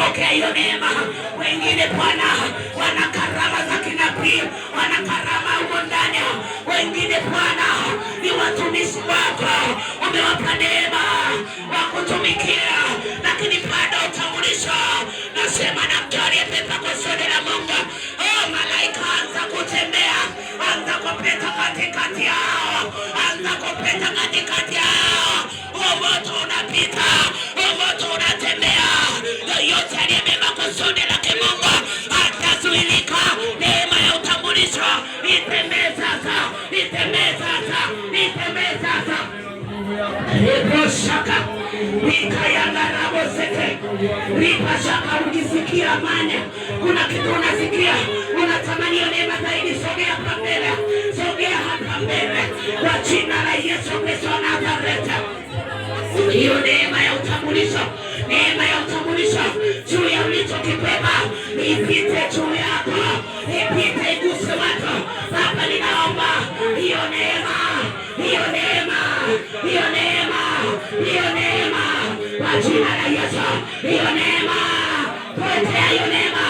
Pokea hiyo neema. Wengine Bwana wana karama za kinabii, wana karama huko ndani. Wengine Bwana ni watumishi wako, umewapa neema wa kutumikia, lakini bado utambulisho. Nasema na mtu aliyepepa kusudi la Mungu. Oh, malaika anza kutembea, anza kupeta katikati yao, anza kupeta katikati yao, moto unapita yoyote aliyebeba kusudi lake Mungu atazuilika. Neema ya utambulisho itembee sasa, itembee sasa, itembee sasa ikoshaka ikayangaravoseke ripashaka ukisikia manya, kuna kitu unasikia unatamani neema zaidi. Sogea hapa mbele, sogea hapa mbele, kwa jina la Yesu Kristo wa Nazareti, hiyo neema ya utambulisho, neema ya ipite juu yako, ipite iguse watu. Baba, ninaomba hiyo neema, hiyo neema, hiyo neema, hiyo neema kwa jina la Yesu, hiyo neema, potea hiyo neema